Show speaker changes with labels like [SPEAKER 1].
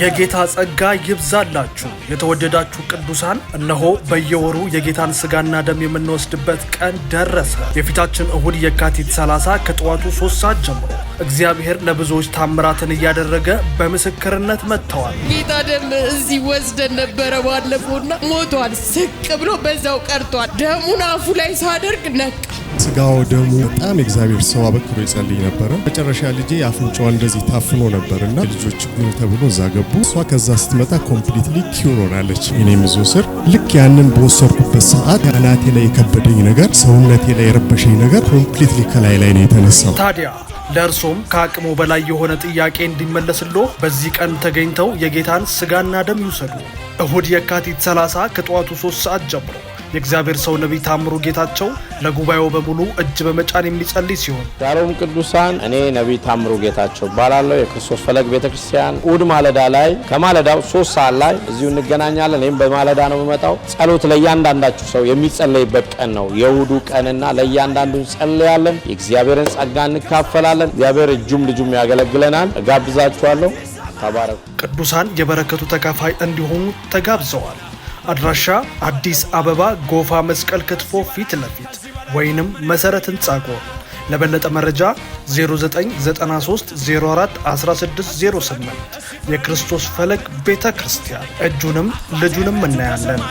[SPEAKER 1] የጌታ ጸጋ ይብዛላችሁ የተወደዳችሁ ቅዱሳን፣ እነሆ በየወሩ የጌታን ስጋና ደም የምንወስድበት ቀን ደረሰ። የፊታችን እሁድ የካቲት 30 ከጠዋቱ 3 ሰዓት ጀምሮ እግዚአብሔር ለብዙዎች ታምራትን እያደረገ በምስክርነት መጥተዋል።
[SPEAKER 2] ጌታ ደም እዚህ ወስደን ነበረ ባለፈውና ሞቷል። ስቅ ብሎ በዛው ቀርቷል። ደሙን አፉ ላይ ሳደርግ ነቃ።
[SPEAKER 3] ስጋው ደሙ በጣም እግዚአብሔር ሰው አበክሮ ይጸልይ ነበረ። መጨረሻ ልጄ አፍንጫዋ እንደዚህ ታፍኖ እና ልጆች ተብሎ እዛ ገቡ። እሷ ከዛ ስትመጣ ኮምፕሊትሊ ኪው ሆናለች። እኔም ዞ ስር ልክ ያንን በወሰድኩበት ሰዓት አናቴ ላይ የከበደኝ ነገር፣ ሰውነቴ ላይ የረበሸኝ ነገር ኮምፕሊትሊ ከላይ ላይ ነው የተነሳው
[SPEAKER 1] ታዲያ ለእርሶም ከአቅሞ በላይ የሆነ ጥያቄ እንዲመለስሎ በዚህ ቀን ተገኝተው የጌታን ስጋና ደም ይውሰዱ። እሁድ የካቲት 30 ከጠዋቱ 3 ሰዓት ጀምሮ የእግዚአብሔር ሰው ነቢይ ታምሩ ጌታቸው ለጉባኤው በሙሉ እጅ በመጫን የሚጸልይ ሲሆን
[SPEAKER 4] ዳሮም ቅዱሳን እኔ ነቢይ ታምሩ ጌታቸው እባላለሁ። የክርስቶስ ፈለግ ቤተ ክርስቲያን እሁድ ማለዳ ላይ ከማለዳው ሶስት ሰዓት ላይ እዚሁ እንገናኛለን። ይህም በማለዳ ነው የምመጣው። ጸሎት ለእያንዳንዳችሁ ሰው የሚጸለይበት ቀን ነው የእሁዱ ቀንና ለእያንዳንዱ እንጸለያለን። የእግዚአብሔርን ጸጋ እንካፈላለን። እግዚአብሔር እጁም ልጁም ያገለግለናል። እጋብዛችኋለሁ። ተባረኩ።
[SPEAKER 1] ቅዱሳን የበረከቱ ተካፋይ እንዲሆኑ ተጋብዘዋል። አድራሻ አዲስ አበባ ጎፋ መስቀል ክትፎ ፊት ለፊት ወይንም መሰረት ህንፃ ጎን። ለበለጠ መረጃ 0993 04 የክርስቶስ ፈለግ ቤተ ክርስቲያን። እጁንም ልጁንም እናያለን።